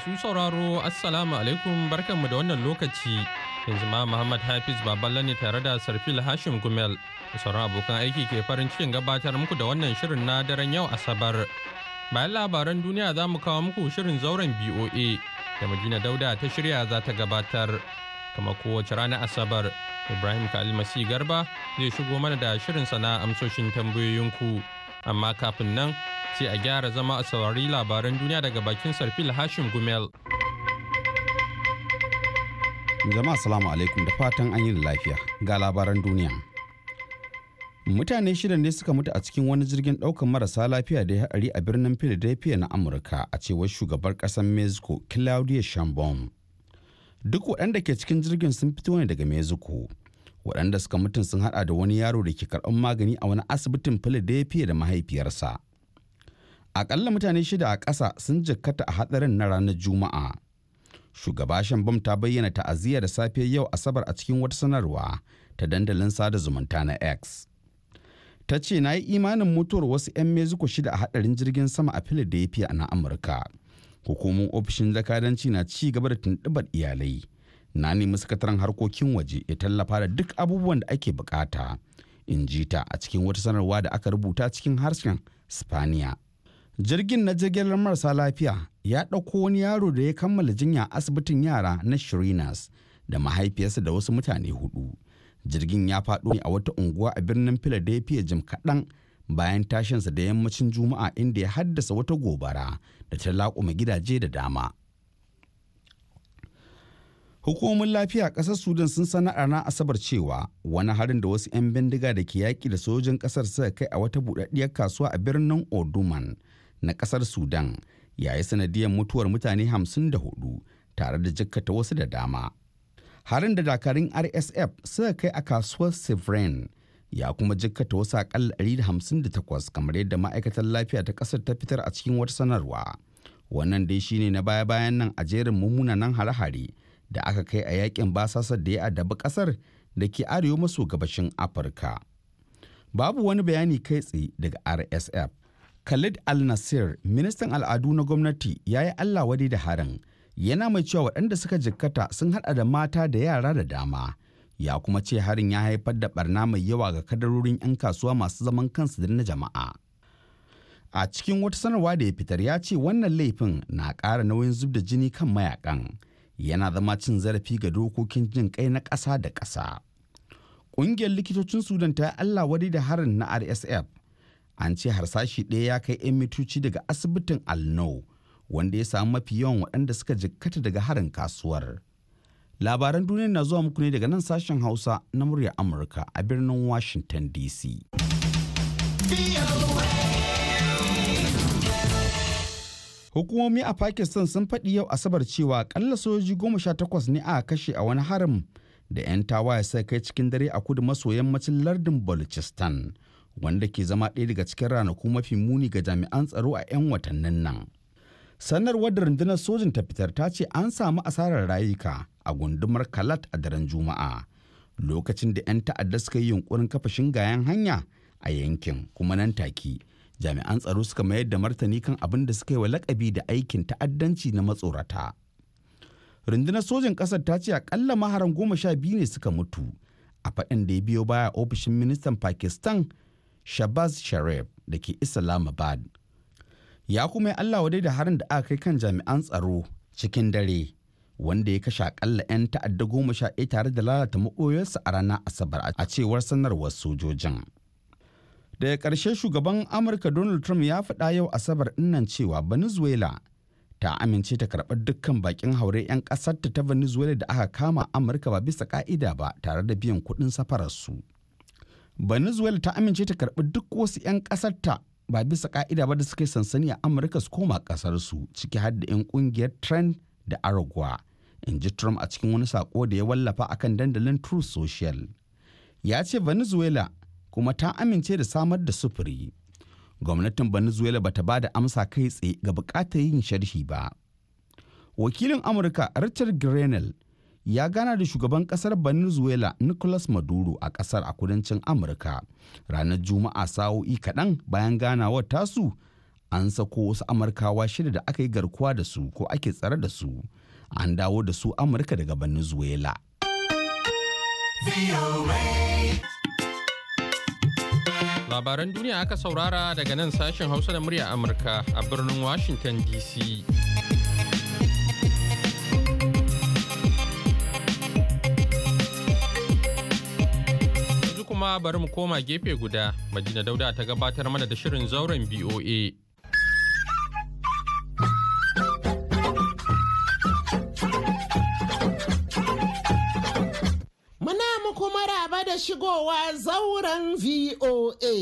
Masu sauraro Assalamu alaikum barkanmu da wannan lokaci yanzu ma Muhammad Hafiz baballe ne tare da Sarfil Hashim Gumel da sauran abokan aiki ke farin cikin gabatar muku da wannan shirin na daren yau Asabar. Bayan labaran duniya za mu kawo muku shirin zauren BOA da Madina Dauda ta shirya za ta gabatar. Kama kowace ranar Asabar, Ibrahim Khalil Masih Garba zai shigo mana da shirin sana amsoshin tambayoyinku. Amma kafin nan sai a gyara zama a saurari labaran duniya daga bakin sarfil hashim gumel jama'a salamu alaikum da fatan an yi lafiya ga labaran duniya mutane shida ne suka mutu a cikin wani jirgin ɗaukar marasa lafiya da ya haɗari a birnin philadelphia na amurka a cewar shugaban ƙasar mexico claudia shambon duk waɗanda ke cikin jirgin sun fito ne daga mexico waɗanda suka mutum sun hada da wani yaro da ke karɓar magani a wani asibitin philadelphia da mahaifiyarsa akalla mutane shida a ƙasa sun jikkata a hatsarin na ranar juma'a shugaba shambam ta bayyana ta'aziyya da safe yau asabar a cikin wata sanarwa ta dandalin sada zumunta na x ta ce na yi imanin mutuwar wasu 'yan mexico shida a hadarin jirgin sama a philadelphia na amurka hukumar ofishin jakadanci na ci gaba da tuntubar iyalai na nemi sakataren harkokin waje ya tallafa da duk abubuwan da ake bukata in ji ta a cikin wata sanarwa da aka rubuta cikin harshen spaniya jirgin na jirgin marasa lafiya ya ɗauko wani yaro da ya kammala jinya asibitin yara na shirinas da mahaifiyarsa da wasu mutane hudu jirgin ya faɗo ne a wata unguwa a birnin philadelphia jim kaɗan bayan tashinsa da yammacin juma'a inda ya haddasa wata gobara da ta laƙuma gidaje da dama hukumomin lafiya ƙasar sudan sun sanar a ranar asabar cewa wani harin da wasu 'yan bindiga da ke yaƙi da sojojin ƙasar suka kai a wata buɗaɗɗiyar kasuwa a birnin oduman na kasar Sudan ya yi sanadiyar mutuwar mutane 54 tare da jikkata wasu da dama. Harin da dakarun RSF suka kai a kasuwar severin ya kuma jikkata wasu akalla 158 kamar yadda ma'aikatar lafiya ta kasar ta fitar a cikin wata sanarwa. Wannan dai shine na baya-bayan nan a jerin mummunan hare-hare da aka kai a yakin basasar da ya dabi kasar da ke arewa maso gabashin Afirka. Babu wani bayani kai tsaye daga RSF Khalid Al-Nasir, ministan al'adu na gwamnati, ya yi Allah wadai da harin. Yana mai cewa waɗanda suka jikkata sun haɗa da mata da yara da dama. Ya kuma ce harin ya haifar da barna mai yawa ga kadarorin 'yan kasuwa masu zaman kansu da na jama'a. A cikin wata sanarwa da ya fitar ya ce wannan laifin na ƙara nauyin zub da jini kan mayakan. Yana zama cin zarafi ga dokokin jin kai na ƙasa da ƙasa. Ƙungiyar likitocin Sudan ta Allah wadai da harin na RSF an ce harsashi ɗaya ya kai 'yan mitoci daga asibitin alno wanda ya samu mafi yawan waɗanda suka jikkata daga harin kasuwar labaran duniya na zuwa muku ne daga nan sashen hausa na murya amurka a birnin washington dc hukumomi a pakistan sun faɗi yau asabar cewa ƙalla sojoji goma sha takwas ne a kashe a wani harin da 'yan tawaye suka kai cikin dare a kudu maso yammacin lardin balochistan wanda ke zama ɗaya daga cikin ranaku mafi muni ga jami'an tsaro a 'yan watannin nan. Sanarwar da rundunar sojin ta fitar ta ce an samu asarar rayuka a gundumar Kalat a daren Juma'a lokacin da 'yan ta'adda suka yi yunkurin kafa shingayen hanya a yankin kuma nan take jami'an tsaro suka mayar da martani kan abin da suka yi wa lakabi da aikin ta'addanci na matsorata. rundunar sojin ƙasar ta ce akalla maharan goma sha biyu ne suka mutu a faɗin da ya biyo baya ofishin ministan pakistan shabaz sharif da ke islamabad ya kuma yi allah wadai da harin da aka kai kan jami'an tsaro cikin dare wanda ya kashe akalla 'yan ta'adda goma sha ɗaya tare da lalata maɓoyarsa a ranar asabar a cewar sanarwar sojojin daga ƙarshe shugaban amurka donald trump ya faɗa yau asabar nan cewa venezuela ta amince ta karɓar dukkan bakin haure 'yan ƙasarta ta venezuela da aka kama amurka ba bisa ƙa'ida ba tare da biyan kuɗin safararsu. su venezuela ta amince ta karɓi duk wasu 'yan ƙasarta ba bisa ka'ida ba da suka yi sansani a amurka su koma ƙasarsu ciki har da 'yan ƙungiyar trend da aragua in ji trump a cikin wani sako da ya wallafa akan dandalin truth social ya ce venezuela kuma ta amince da samar da sufuri gwamnatin venezuela ba ta ba da amsa kai tsaye ga bukatar yin sharhi ba wakilin amurka richard grenell ya gana da shugaban kasar venezuela nicolas maduro a kasar a kudancin amurka ranar juma'a sa'o'i kaɗan bayan ganawar tasu an sako wasu amurkawa shida da aka yi garkuwa da su ko ake tsare da su an dawo da su amurka daga venezuela labaran duniya aka saurara daga nan sashen hausa da murya amurka a birnin washington dc kuma bari mu koma gefe guda, majina Dauda ta gabatar mana da shirin zauren BOA. Muna muku maraba da shigowa zauren VOA.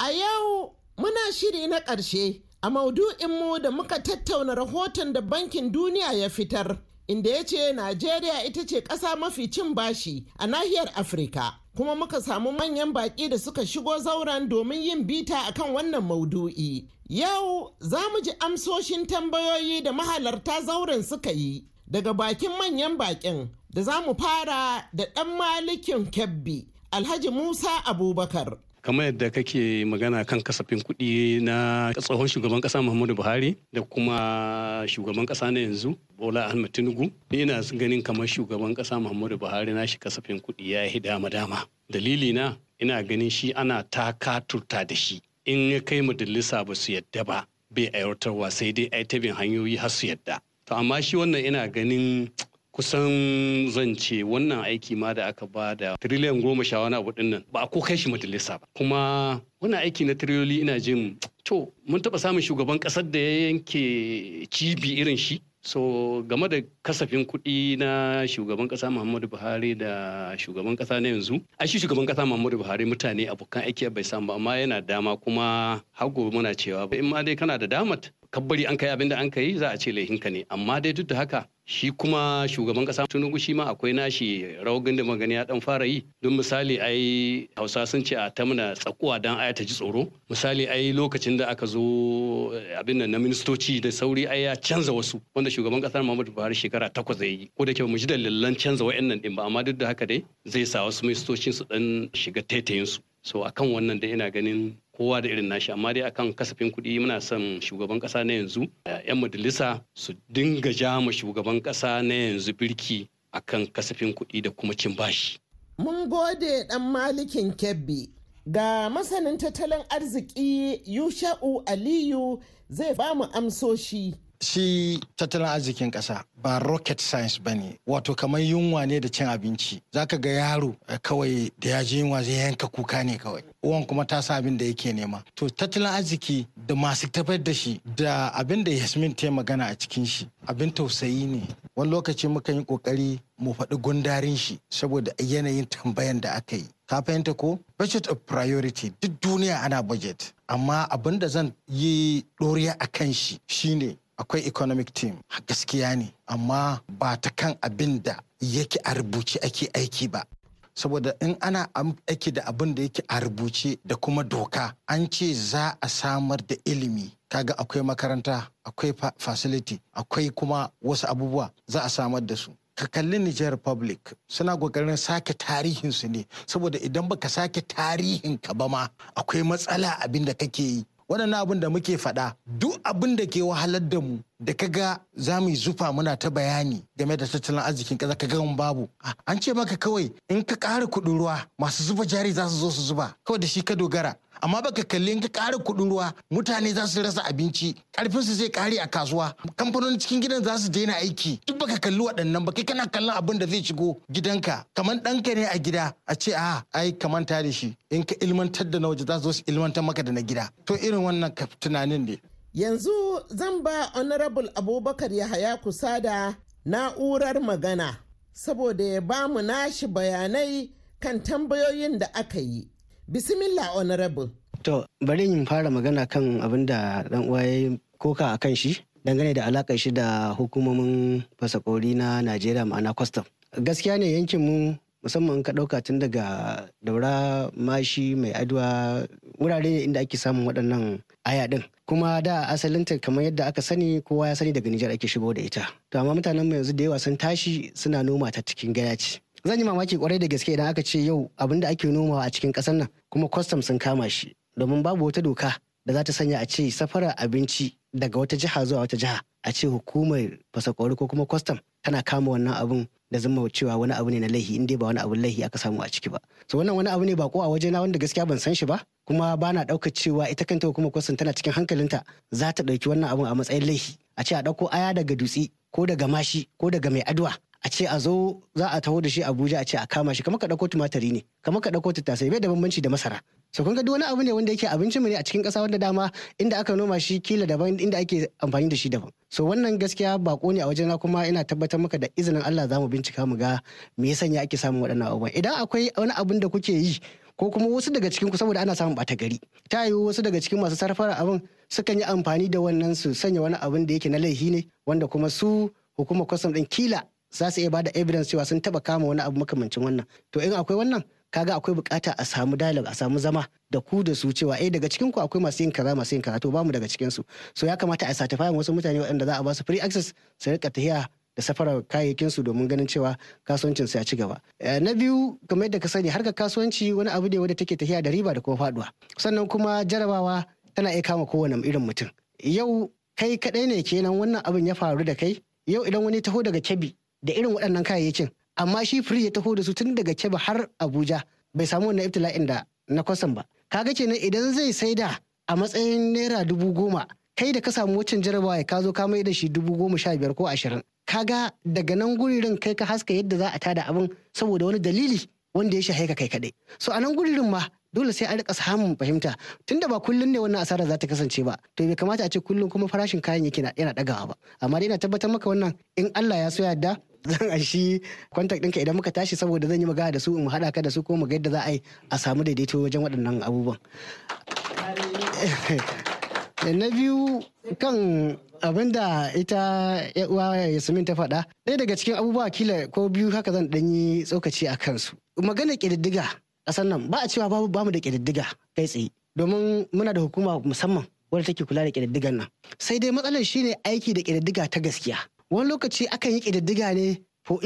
A yau muna shiri na ƙarshe a maudu'inmu da muka tattauna rahoton da Bankin Duniya ya fitar inda ya ce najeriya ita ce ƙasa mafi cin bashi a nahiyar afirka kuma muka samu manyan baƙi da suka shigo zauren domin yin bita akan wannan maudu'i yau za mu ji amsoshin tambayoyi da mahalarta zauren suka yi daga bakin manyan baƙin da za mu fara da ɗan malikin kebbi alhaji musa abubakar kamar yadda kake magana kan kasafin kuɗi na tsohon shugaban ƙasa muhammadu buhari da kuma shugaban ƙasa na yanzu bola ahmed tinubu ni ina ganin kamar shugaban ƙasa muhammadu buhari na shi kasafin kuɗi ya yi dama dama dalili na ina ganin shi ana taka turta da shi in ya kai majalisa ba su yadda ba bai aiwatarwa sai dai ai ta bin hanyoyi har su yadda to amma shi wannan ina ganin kusan zance wannan aiki ma da aka ba da tiriliyan goma sha wani abu dinnan ba a ko kai shi majalisa ba kuma wannan aiki na tiriyoli ina jin to mun taba samun shugaban kasar da ya yanke cibi irin shi so game da kasafin kuɗi na shugaban kasa muhammadu buhari da shugaban kasa na yanzu a shi shugaban kasa muhammadu buhari mutane abokan aiki bai samu ba amma yana dama kuma hago muna cewa in ma dai kana da damat kabbari an kai abin da an kai za a ce laihinka ne amma dai duk da haka shi kuma shugaban kasa tunugu shi ma akwai nashi raugin da magani ya dan fara yi don misali ai hausa sun ce a tamna tsakuwa dan aya ta ji tsoro misali ai lokacin da aka zo eh, abin nan na ministoci da sauri ai ya canza wasu wanda shugaban kasar Muhammadu Buhari shekara takwas zai yi ko da ke mu ji dalilan canza wa'annan din ba amma duk da haka dai zai sa wasu ministocin su dan shiga taitayin su so akan wannan da ina ganin kowa da irin nashi amma dai akan kasafin kuɗi muna son shugaban ƙasa na yanzu 'yan eh, majalisa su dinga ja mu shugaban ƙasa na yanzu birki akan kasafin kuɗi da kuma cin bashi. Mun gode ɗan malikin kebbi ga masanin tattalin arziki Yusha'u Aliyu zai ba mu amsoshi shi tattalin arzikin ƙasa ba rocket science ba ne wato kamar yunwa ne da cin abinci zaka ga yaro eh, kawai da ya ji yunwa zai yanka kuka ne kawai uwan kuma ta sa abin da yake nema to tattalin arziki da masu tabbatar da shi da abin da yasmin ta magana a cikin shi abin tausayi ne wani lokaci muka yi kokari mu faɗi gundarin shi saboda yanayin tambayan da aka yi ka fahimta ko budget of priority duk duniya ana budget amma abin da zan yi ɗoriya a kan shi shine akwai economic team gaskiya ne amma ba ta kan abin da yake a rubuce ake aiki ba saboda in ana aiki da abin da yake a rubuce da kuma doka an ce za a samar da ilimi kaga akwai makaranta akwai facility akwai kuma wasu abubuwa za a samar da su ka kalli Niger Republic suna kokarin sake tarihinsu ne saboda idan baka sake tarihin ka ba ma akwai matsala abin da kake yi waɗannan abin da muke faɗa duk abin da ke wahalar da mu da ka ga za mu yi zufa muna ta bayani game da tattalin arzikin ƙasa ka gan babu an ce maka kawai in ka ƙara kuɗin ruwa masu zuba jari za su zo su zuba kawai da shi ka dogara amma baka kalli in ka ƙara kuɗin ruwa mutane za su rasa abinci karfin su zai kare a kasuwa kamfanonin cikin gidan za su daina aiki duk baka kalli waɗannan ba kai kana kallon abin da zai shigo gidanka kamar ɗanka ne a gida a ce a ah, ai ta da shi in ka ilmantar da na waje za su ilmantar maka da na gida to irin wannan tunanin ne yanzu zan ba honorable abubakar yahaya kusa da na'urar magana saboda ya ba mu nashi bayanai kan tambayoyin da aka yi Bismillah honorable. To bari in fara magana kan abin da ɗan uwa ya koka a kan shi dangane da alakar shi da hukumomin fasakori na Najeriya ma'ana custom. Gaskiya ne yankin mu musamman ka ɗauka tun daga daura mashi mai aduwa wurare ne inda ake samun waɗannan aya ɗin kuma da asalinta kamar yadda aka sani kowa ya sani daga nijar ake shigo da ita to amma mutanen mu yanzu da yawa sun tashi suna noma ta cikin gaya ce zan yi mamaki kwarai da gaske idan aka ce yau abin da ake nomawa a cikin ƙasar nan kuma kwastam sun kama shi domin babu wata doka da za ta sanya a ce safarar abinci daga wata jiha zuwa wata jiha a ce hukumar fasakwari ko kuma kwastam tana kama wannan abin da zama cewa wani abu ne na laihi in ba wani abu laihi aka samu a ciki ba so wannan wani abu ne ba a waje na wanda gaskiya ban san shi ba kuma ba na ɗauka cewa ita kanta kuma kwastam tana cikin hankalinta za ta ɗauki wannan abun a matsayin laihi a ce a ɗauko aya daga dutse ko daga mashi ko daga mai aduwa a ce a zo za a taho da shi Abuja a ce a kama shi kamar ka dauko tumatari ne kamar ka dauko tattasai bai da bambanci da masara so kun ga duk wani abu ne wanda yake abincin mu ne a cikin ƙasa wanda dama inda aka noma shi kila daban inda ake amfani da shi daban so wannan gaskiya bako ne a na kuma ina tabbatar maka da izinin Allah za bincika mu ga me ya ake samun waɗannan abubuwa idan akwai wani abin da kuke yi ko kuma wasu daga cikin ku saboda ana samun ɓata gari ta yi wasu daga cikin masu sarfara abin sukan yi amfani da wannan su sanya wani abin da yake na laifi ne wanda kuma su hukumar kwastam din kila za su iya bada evidence cewa sun taba kama wani abu makamancin wannan to in akwai wannan kaga akwai bukata a samu dialogue a samu zama da ku da su cewa eh daga cikin ku akwai masu yin kaza masu yin kaza to bamu daga cikin su so ya kamata a certify wasu mutane waɗanda za a ba su free access su rika tahiya da safarar kayayyakin su domin ganin cewa kasuwancin su ya ci gaba eh, na biyu kamar yadda ka sani ka kasuwanci wani abu ne wanda take tahiya da riba da kuma faduwa sannan kuma jarabawa tana iya kama kowane irin mutum yau kai kadai ne kenan wannan abin ya faru da kai yau idan wani taho daga kebi da irin waɗannan kayayyakin amma shi firiji ya taho da su tun daga keba har abuja bai samu wannan ibtila'in da na kwasan ba ka kaga kenan idan zai saida a matsayin naira dubu goma kai da ka samu waccan jarabawa ya ka zo ka mai da shi dubu goma sha biyar ko ashirin ka ga daga nan guririn kai ka haska yadda za a tada abin saboda wani dalili wanda ya shahaika kai kaɗai so a nan guririn ma dole sai a rika samun fahimta tunda ba kullun ne wannan asara za ta kasance ba to bai kamata a ce kullun kuma farashin kayan yake yana dagawa ba amma dai ina tabbatar maka wannan in Allah ya so yadda zan shi kwantak ɗinka idan muka tashi saboda zan yi magana da su in haɗa ka da su ko mu ga yadda za a yi a samu daidaito wajen waɗannan abubuwan. na biyu kan abin da ita uwa yasmin ta faɗa ɗaya daga cikin abubuwa kila ko biyu haka zan ɗanyi tsokaci a kansu magana ƙididdiga ƙasar nan ba a cewa babu bamu da ƙididdiga kai tsaye domin muna da hukuma musamman wadda take kula da ƙididdigan nan sai dai matsalar shine aiki da ƙididdiga ta gaskiya wani lokaci akan yi ƙididdiga ne for,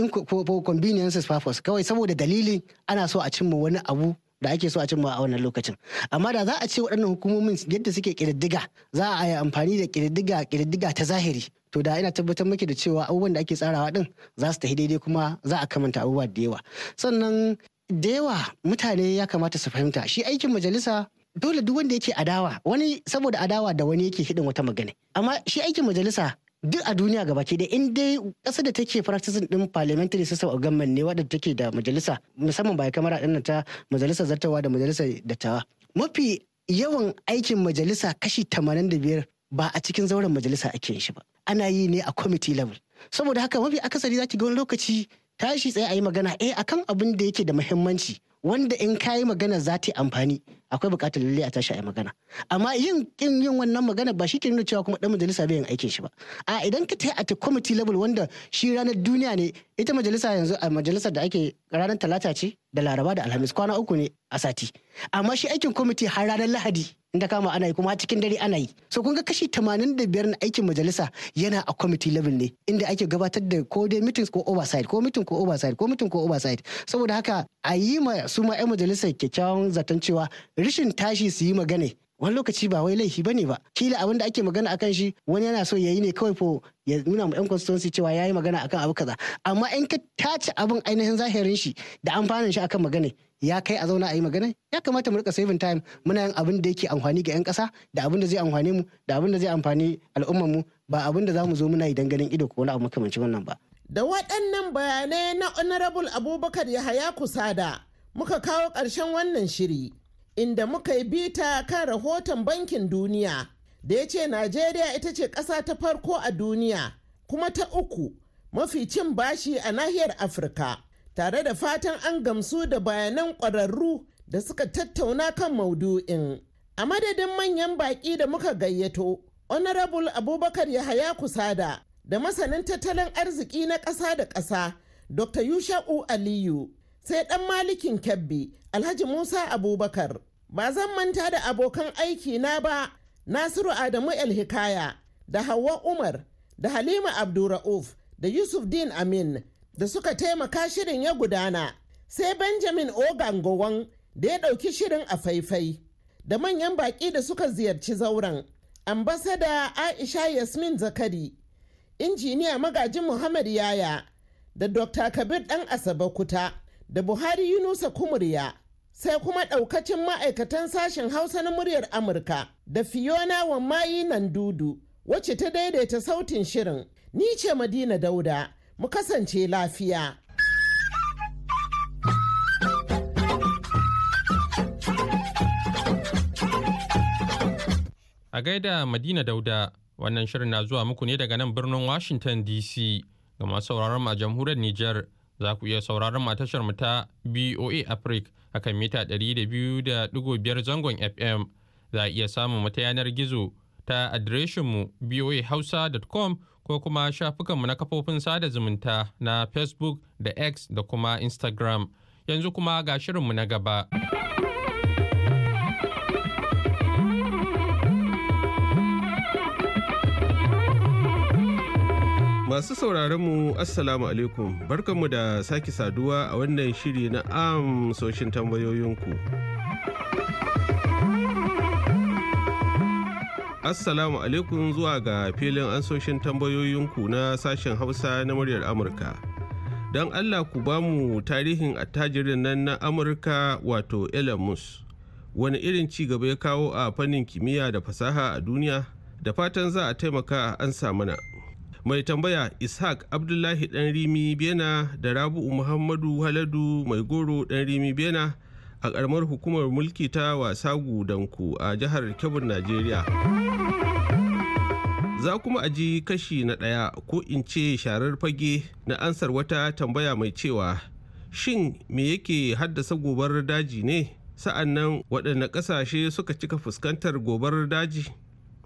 convenience purpose kawai saboda dalilin ana so a cimma wani abu da ake so a cimma a wannan lokacin amma da za a ce waɗannan hukumomin yadda suke ƙididdiga za a yi amfani da ƙididdiga ƙididdiga ta zahiri to da ina tabbatar maki da cewa abubuwan da ake tsarawa din za su tafi daidai kuma za a kamanta abubuwa da yawa sannan da yawa mutane ya kamata su fahimta shi aikin majalisa dole duk wanda yake adawa wani saboda adawa da wani yake hidin wata magana amma shi aikin majalisa duk a duniya ga baki da in dai ƙasar da take practicing din parliamentary system of government ne wadda take da majalisa musamman bai kamar ɗin ta majalisa, zartawa da majalisa, dattawa mafi yawan aikin majalisa kashi 85 ba a cikin zauren majalisa ake shi ba ana yi ne a committee level saboda haka mafi akasari zaki ga wani lokaci tashi tsaye a yi magana eh akan abin da yake da muhimmanci wanda in kayi magana za ta amfani akwai bukatar lalle a tashi a magana amma yin kin yin wannan magana ba shi ke nuna cewa kuma dan majalisa bai yin aikin shi ba a idan ka a at committee level wanda shi ranar duniya ne ita majalisa yanzu a majalisar da ake ranar talata ce da laraba da alhamis kwana uku ne a sati amma shi aikin committee har ranar lahadi inda kama ana yi kuma cikin dare ana yi so kun ga kashi 85 na aikin majalisa yana a committee level ne inda ake gabatar da ko dai meetings ko oversight ko meeting ko oversight ko meeting ko oversight saboda haka a yi ma su ma 'yan majalisar kyakkyawan zaton cewa rishin tashi su yi magana wani lokaci ba wai laifi bane ba kila abin da ake magana akan shi wani yana so yayi ne kawai fo ya nuna ma yan constituency cewa yayi magana akan abu kaza amma in ka tace abin ainihin zahirin shi da amfanin shi akan magana ya kai a zauna a yi magana ya kamata mu rika saving time muna yin abin da yake amfani ga yan kasa da abin da zai amfane mu da abin da zai amfani al'ummar mu ba abin da zamu zo muna yi ganin ido ko wani abu makamancin wannan ba da waɗannan bayanai na honorable abubakar yahaya kusada muka kawo karshen wannan shiri inda muka yi bita kan rahoton bankin duniya da ya ce najeriya ita ce ƙasa ta farko a duniya kuma ta uku mafi cin bashi a nahiyar afirka tare da fatan an gamsu da bayanan ƙwararru da suka tattauna kan maudu'in a madadin manyan baƙi da muka gayyato honorable abubakar yahaya kusada da masanin tattalin arziki na ƙasa da ƙasa dr yusha'u aliyu sai ɗan malikin kebbi alhaji musa abubakar ba zan manta da abokan aiki na ba nasiru adamu el hikaya da hawa umar da halima abdurrauf da yusuf din amin da suka taimaka shirin ya gudana sai benjamin ogangowan da ya ɗauki shirin a faifai da manyan baƙi da suka ziyarci zauren ambasada aisha yasmin zakari injiniya magajin muhammad yaya da dr kabir Dan asabe kuta da buhari yunusa kumurya sai kuma ɗaukacin ma'aikatan sashen hausa na muryar amurka da fiona wammayi nan dudu wacce ta daidaita sautin shirin ni ce madina dauda mu kasance lafiya a gaida madina dauda wannan shirin na zuwa muku ne daga nan birnin washington dc ga masu sauraron a jamhuriyar niger za ku iya sauraron matashar mu ta BOA Africa kan mita 200.5 zangon FM za a iya samun mu yanar gizo ta adireshinmu boahausa.com ko kuma shafukanmu na kafofin sada zumunta na Facebook da X da kuma Instagram yanzu kuma ga shirinmu na gaba. Masu sauraron mu Assalamu alaikum barkanmu da sake saduwa a wannan shiri na amsoshin tambayoyinku. Assalamu alaikum zuwa ga filin ansoshin tambayoyinku na sashen Hausa na muryar Amurka. Don Allah ku ba mu tarihin attajirin nan na Amurka wato Elon Musk. Wani irin ci gaba ya kawo a fannin kimiyya da fasaha a duniya? Da fatan za a taimaka an samu na. mai tambaya ishaq abdullahi dan rimi bena da rabu'u muhammadu haladu mai goro dan rimi bena a karamar hukumar mulki ta wasa gudanku a jihar kebbi najeriya za kuma a ji kashi na ɗaya ko in ce sharar fage na ansar wata tambaya mai cewa shin me yake haddasa gobar daji ne Sa'annan, nan waɗanne ƙasashe suka cika fuskantar gobar daji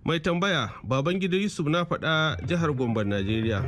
mai tambaya baban gida yusuf na faɗa jihar gombe najeriya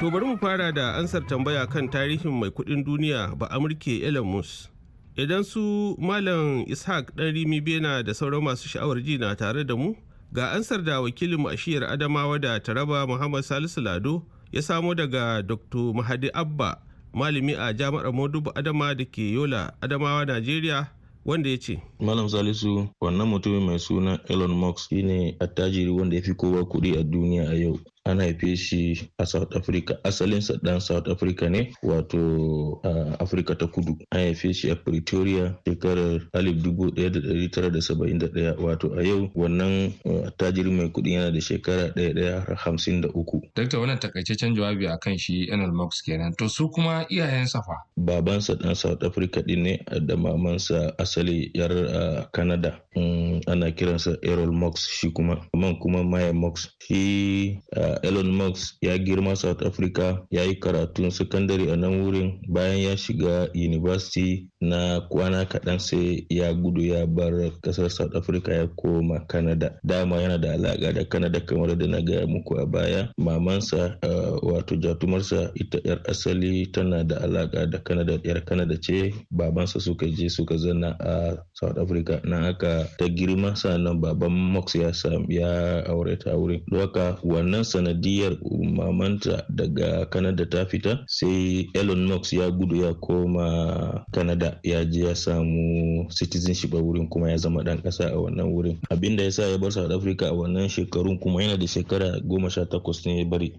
to bari mu fara da ansar tambaya kan tarihin mai kudin duniya ba amurke elon musk idan su malam ishaq ɗan rimi bena da sauran masu sha'awar ji na tare da mu ga ansar da wakilin ashiyar adamawa da taraba muhammad salisu lado ya samo daga dr mahadi abba malami a jami'ar modubu adama da ke yola adamawa najeriya wanda ya ce malam salisu wannan mutumin mai suna elon musk shine attajiri wanda ya fi kowa kuɗi a duniya a yau an haife shi a South Africa asalinsa dan South Africa ne wato a Afirka ta kudu an haife shi a Pretoria shekarar alif 1971 wato a yau wannan uh, tajiri mai kudi yana da shekara hamsin uku. Dakta wannan takaitaccen jawabi kan shi Enel Mox kenan to su kuma iyayensa fa. Babansa dan South Africa din ne da mamansa asali yar uh, Canada mm, ana kiransa Errol Mox shi kuma man kuma Maya Mox shi uh, Elon Musk ya girma South Africa ya yi karatun sakandare a nan wurin bayan ya shiga university na kwana kaɗan sai ya gudu ya bar ƙasar South Africa ya koma Canada. Dama yana da alaƙa da Canada kamar da na gaya muku a baya. Mamansa uh, wato jatumarsa ita 'yar asali tana da alaƙa da Canada 'yar Canada ce babansa suka je suka zana a South Africa na haka ta girma sannan baban Mox ya aure ta wurin. doka wannan sanadiyar mamanta daga Kanada ta fita sai Elon Musk ya gudu ya koma Kanada ya je ya samu citizenship a wurin kuma ya zama dan kasa a wannan wurin. Abin ya sa ya bar South Africa a wannan shekarun kuma yana da shekara goma sha takwas ne ya bari.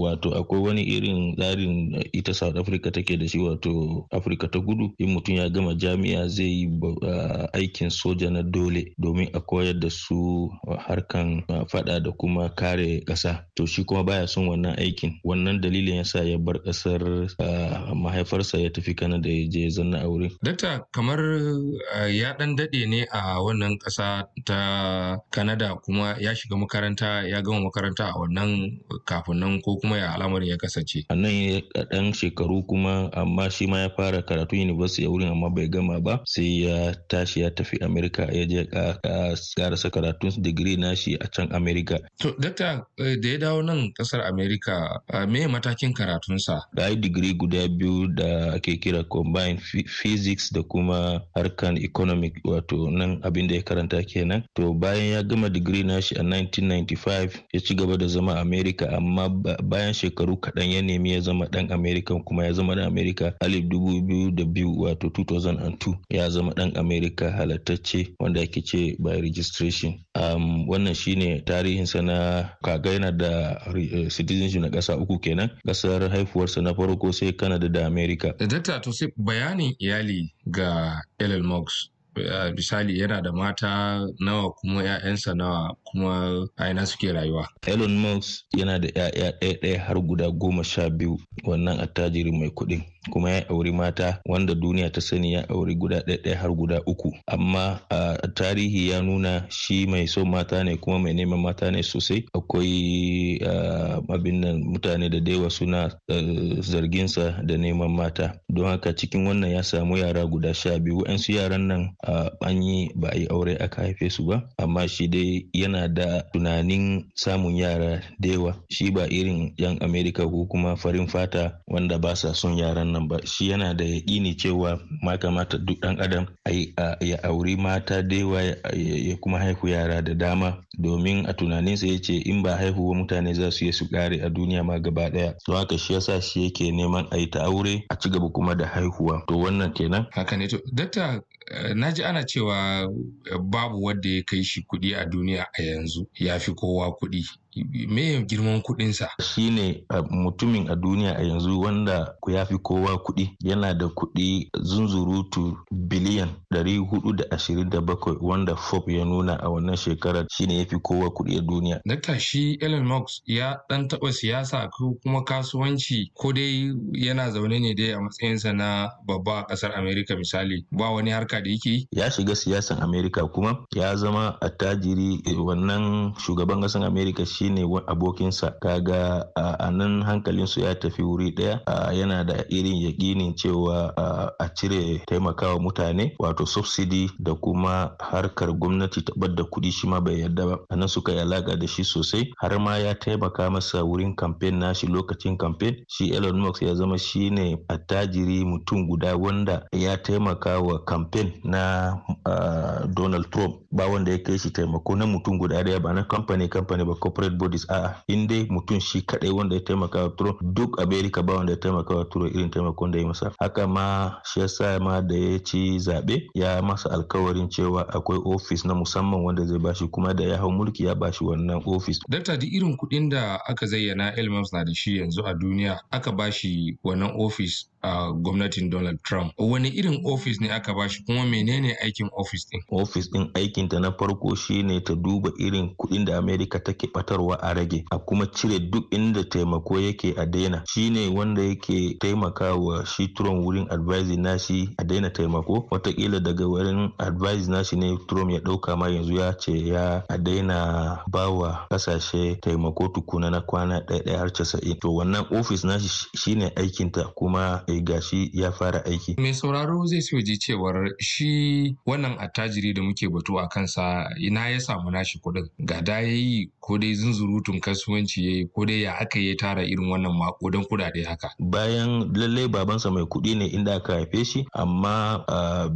wato akwai wani irin tsarin ita South Africa take da shi wato Africa ta gudu in mutum ya gama jami'a zai yi aikin soja na dole domin a koyar da su harkan fada da kuma kare ƙasa to shi kuma baya son wannan aikin wannan dalilin ya sa ya bar kasar ah, mahaifarsa ya tafi Kanada ya je zanna aure. Dakta kamar ah, ya dan dade ne a wannan kasa ta Kanada kuma ya shiga makaranta ya gama makaranta a wannan kafin nan ko kuma ya al'amarin ya kasance. A nan ya dan shekaru kuma amma shi ma ya fara karatu university a wurin amma bai gama ba sai ya tashi ya tafi America ya je karasa karatun digiri nashi a can America. To dakta eh, da dawo nan kasar Amerika me matakin karatunsa? Da ai digiri guda biyu da ake kira combined physics da kuma harkan economic wato nan abin da ya karanta kenan. To bayan ya gama digiri nashi a 1995 ya ci gaba da zama Amerika amma bayan shekaru kaɗan ya nemi ya zama ɗan Amerika kuma ya zama ɗan Amerika alif dubu biyu da biyu wato 2002 ya zama ɗan Amerika halattacce wanda ake ce by registration. Um, wannan shine tarihinsa na kaga yana da da eh, citizenship na ƙasa uku kenan ƙasar haifuwarsa na farko sai Kanada da America. Eh, Dakta to sai bayanin iyali ga Elon Musk eh, misali yana da mata nawa kuma 'ya'yansa nawa kuma aina suke rayuwa. Elon Musk yana da 'ya'ya ɗaya har guda goma sha biyu wannan attajiri mai kuɗin. kuma ya auri mata wanda duniya ta sani ya auri guda ɗaya har guda uku amma a tarihi ya nuna shi mai son mata ne kuma mai neman mata ne sosai akwai abin nan mutane da daiwa suna zarginsa da neman mata don haka cikin wannan ya samu yara guda sha biyu wa'ansu yaran nan an yi ba a yi aure aka haife su ba amma shi dai yana da tunanin samun yara dewa shi ba irin yan amerika ko kuma farin fata wanda ba sa son yaran nan wannan ba shi yana da yaƙini cewa ma kamata duk ɗan adam ya auri mata da yawa ya kuma haihu yara da dama domin a tunaninsa ya ce in ba haihuwa mutane za su yi su ƙare a duniya ma gaba ɗaya to haka shi yasa shi yake neman a yi ta aure a ci gaba kuma da haihuwa to wannan kenan haka ne to dakta eh, na ji ana cewa babu wanda ya kai shi kuɗi a duniya a yanzu ya fi kowa kuɗi me girman kuɗinsa. Shi ne mutumin a duniya a yanzu wanda ku ya fi kowa kuɗi yana da kuɗi zunzurutu biliyan 427 wanda Forbes ya nuna a wannan shekarar shi ne ya fi kowa kuɗi a duniya. Dakta shi Elon Musk ya ɗan taɓa siyasa ko kuma kasuwanci ko dai yana zaune ne dai a matsayinsa na babba a ƙasar Amerika misali ba wani harka da yake? Ya shiga siyasan Amerika kuma ya zama attajiri eh, wannan shugaban ƙasar Amerika shi Shi ne abokinsa kaga a nan hankalinsu ya tafi wuri daya yana da irin yakinin cewa a cire taimakawa mutane wato subsidy da kuma harkar gwamnati tabar da kuɗi shi ma bai yarda ba a nan suka yi alaka da shi sosai har ma ya taimaka masa wurin kamfen nashi lokacin kamfen shi Elon Musk ya zama shi shine attajiri mutum guda wanda ya taimaka wa kamfen na Donald Trump ba wanda ya kai shi taimako na mutum guda daya ba na kamfani kamfani ba corporate dead bodies a'a in dai mutum shi kadai wanda ya taimaka wa turo duk america ba wanda ya taimaka wa turo irin taimakon da ya masa haka ma shi yasa ma da ya ci zabe ya masa alkawarin cewa akwai ofis na musamman wanda zai bashi kuma da ya hau mulki ya bashi wannan ofis dakta duk irin kuɗin da aka zayyana elmams na da shi yanzu a duniya aka bashi wannan ofis a gwamnatin Donald Trump. Wani irin ofis ne aka bashi kuma menene aikin ofis din? Ofis din aikinta na farko shine ta duba irin kuɗin da Amerika take batar bayarwa a rage a kuma cire duk inda taimako yake a daina shine wanda yake taimakawa shi turon wurin advice nashi a daina taimako watakila daga wurin advice nashi ne turon ya dauka ma yanzu ya ce ya a daina bawa kasashe taimako tukuna na kwana ɗaya har casa'in to wannan ofis nashi shine aikinta kuma eh, gashi ya fara aiki. Mai sauraro zai so ji cewar shi wannan attajiri da muke batu a kansa ina ya samu nashi kuɗin ga da yayi ko dai zunzurutun kasuwanci ya yi ko dai ya aka ya tara irin wannan makudan kudade haka. Bayan lallai babansa mai kuɗi ne inda aka haife shi amma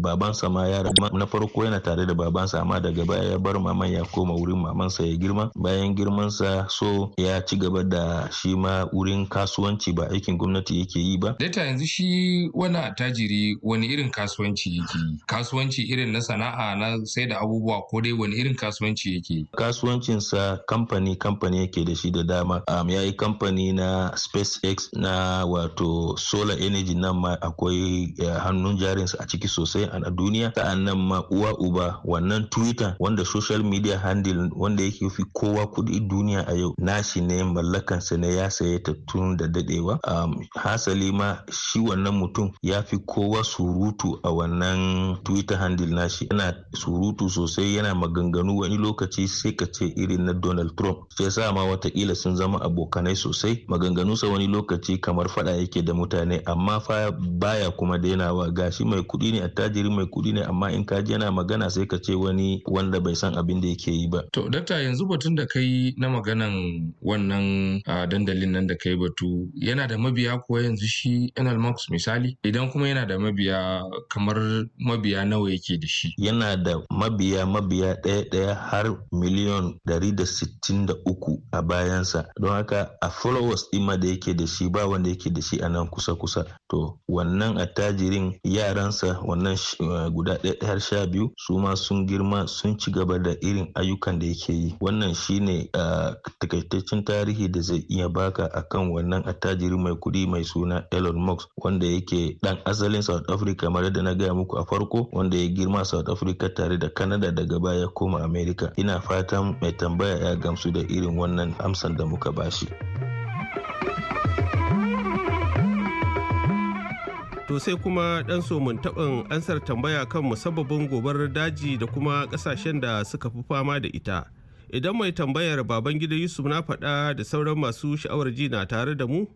babansa ma ya na farko yana tare da babansa amma daga baya ya bar maman ya koma wurin mamansa ya girma bayan girmansa so ya ci gaba da shi ma wurin kasuwanci ba aikin gwamnati yake yi ba. Data yanzu shi wani tajiri wani irin kasuwanci yake yi kasuwanci irin na sana'a na sai da abubuwa ko dai wani irin kasuwanci yake yi. Kasuwancinsa kamfani kamfani yake da shi da dama um, ya yi kamfani na spacex na wato solar energy nan ma akwai eh, hannun jarinsa a ciki sosai a duniya sa'annan ma uwa uba wannan twitter wanda social media handle wanda yake fi kowa kudi duniya a yau nashi ne mallakansa ne ya saye ta tun da dadewa um, hasali ma shi wannan mutum ya fi kowa surutu a wannan twitter handle nashi yana surutu sosai yana maganganu wani lokaci sai ka ce irin na donald trump shi sa ma watakila sun zama abokanai sosai sa wani lokaci kamar fada yake da mutane amma fa baya kuma dainawa gashi mai kuɗi ne attajiri mai kuɗi ne amma in ka yana magana sai ka ce wani wanda bai san abin da yake yi ba to dakta yanzu batun da kai na maganan wannan dandalin nan da kai batu yana da mabiya kuwa yanzu shi Enel Max misali idan kuma yana da mabiya kamar mabiya nawa yake da shi yana da mabiya mabiya ɗaya ɗaya har miliyon ɗari da sittin da uku a bayansa don haka a followers ima da yake da shi ba wanda yake da shi a nan kusa-kusa to wannan attajirin yaransa wannan eh, guda ɗaya har sha biyu su ma sun girma sun ci gaba da irin ayyukan da yake yi wannan shi shine takaitaccen tarihi da zai iya baka akan wannan attajirin mai kuɗi mai suna Elon Musk wanda yake ɗan asalin South Africa mara da na gaya muku a farko wanda ya girma South Africa tare da Canada daga baya koma America ina fatan mai tambaya ya gamsu da irin wannan amsan da muka bashi. To sai kuma ɗan mun taɓin ansar tambaya kan musabbabin gobarar daji da kuma ƙasashen da suka fi fama da ita. Idan mai tambayar baban gida Yusuf na faɗa da sauran masu sha'awar ji na tare da mu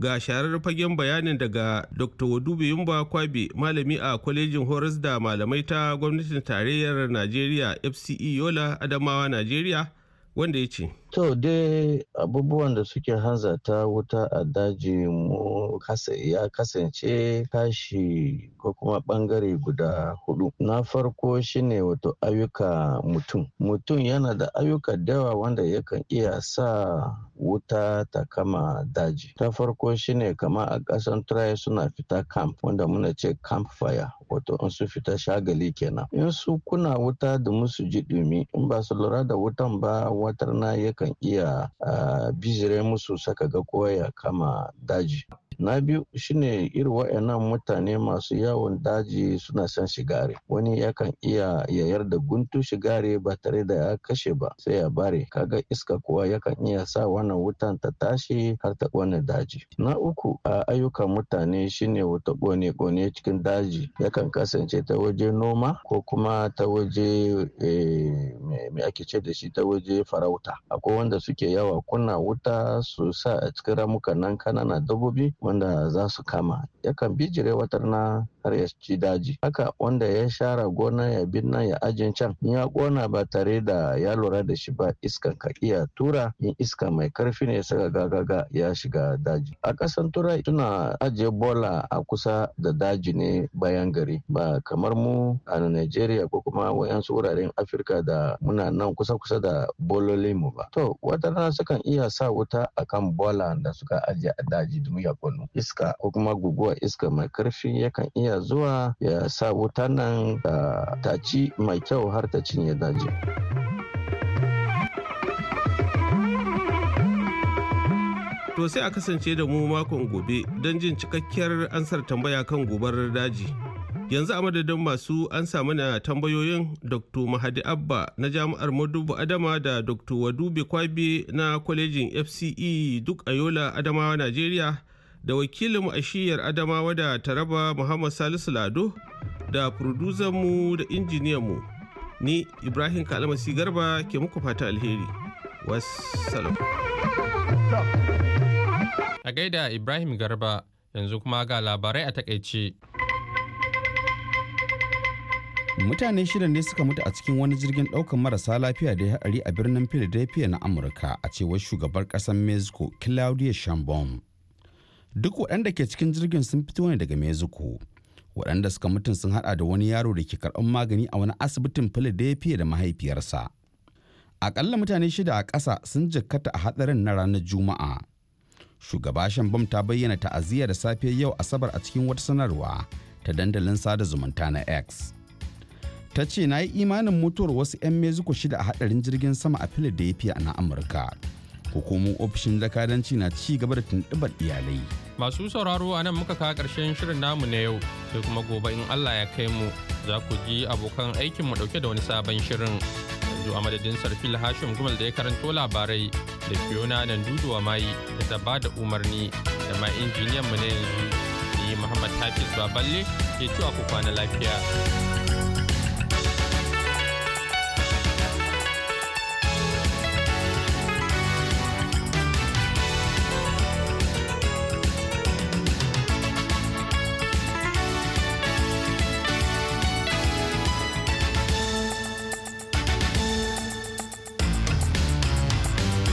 ga sharar fagen bayanin daga Dr. Wadube Yumba Kwabe malami a kwalejin horas da malamai ta gwamnatin tarayyar Najeriya FCE Yola Adamawa Najeriya wanda ya ce. To dai abubuwan da suke hanzata wuta a daji mu ya kasance kashi ko kuma bangare guda hudu. Na farko shine wato ayyuka mutum. Mutum yana da ayyuka dawa wanda yakan iya sa wuta ta kama daji. Ta farko shine kama a ƙasan turai suna fita camp wanda muna ce camp fire wato in su fita shagali kenan. In su kuna wuta da musu ji dumi in ba su lura da wutan ba watar na kan iya ah, bijire musu saka ga kowa ya kama daji na biyu shine irin wa'annan mutane masu yawon daji suna son shigare wani yakan iya yayar da guntu shigare ba tare da ya kashe ba sai ya bare kaga iska kuwa yakan iya sa wannan wutan ta tashi har ta kone daji na uku a ayyukan mutane shine wata kone kone cikin daji yakan kasance ta waje noma ko kuma ta waje eh, me ake ce da shi ta waje farauta akwai wanda suke yawa kunna wuta su sa a cikin ramukan nan kanana dabbobi wanda za su kama yakan bijire watar na kar ya ci daji haka wanda ya share gona ya binna ya ajin can in ya kona ba tare da ya lura da shi ba iskan ka iya tura in iska mai karfi ne saka gagaga ya shiga daji a kasan turai suna ajiye bola a kusa da daji ne bayan gari ba kamar mu a Najeriya ko kuma wayansu wuraren Afirka da muna nan kusa-kusa da mu ba to wata rana sukan iya sa wuta a kan bola da suka ajiye a daji domin ya kono iska ko kuma guguwa iska mai karfi yakan iya zuwa ya sa wuta nan ta taci mai kyau har ta cinye daji. To sai a kasance da mu makon gobe don jin cikakkiyar ansar tambaya kan gobarar daji. Yanzu a madadin masu an samu na tambayoyin Dr. Mahadi Abba na Jami'ar Madubu Adama da Dr. Wadube Kwabe na kwalejin FCE duk Ayola Adamawa Najeriya da wakilinmu a shiyar adamawa da taraba muhammad salisu lado da mu da injiniyanmu ni ibrahim kalamasi garba ke muku fata alheri wassalam a gaida ibrahim garba yanzu kuma ga labarai a takaice mutane shida ne suka mutu a cikin wani jirgin daukan marasa lafiya da ya haɗari a birnin philadelphia na amurka a cewar shugaban ƙasar mexico claudia shambon duk waɗanda ke cikin jirgin sun fito ne daga mezuku waɗanda suka mutum sun hada da wani yaro da ke karɓar magani a wani asibitin philadelphia da mahaifiyarsa akalla mutane shida a ƙasa sun jikkata a hatsarin na ranar juma'a shugaba shan shambam ta bayyana ta'aziyya da safiyar yau asabar a cikin wata sanarwa ta dandalin sada zumunta na x ta ce na yi imanin mutuwar wasu 'yan mezuku shida a hadarin jirgin sama a philadelphia na amurka hukumomin ofishin zakaranci na ci gaba da tuntuɓar iyalai. Masu sauraro a nan muka kawo ƙarshen shirin namu na yau sai kuma gobe in Allah ya kai mu za ku ji abokan aikin mu ɗauke da wani sabon shirin. Yanzu a madadin Sarfil Hashim Gumal da ya karanto labarai da Fiona nan duduwa mai da ta ba da umarni da ma injiniyan mu na yanzu ni Muhammad Hafiz Baballe ke cewa ku kwana lafiya.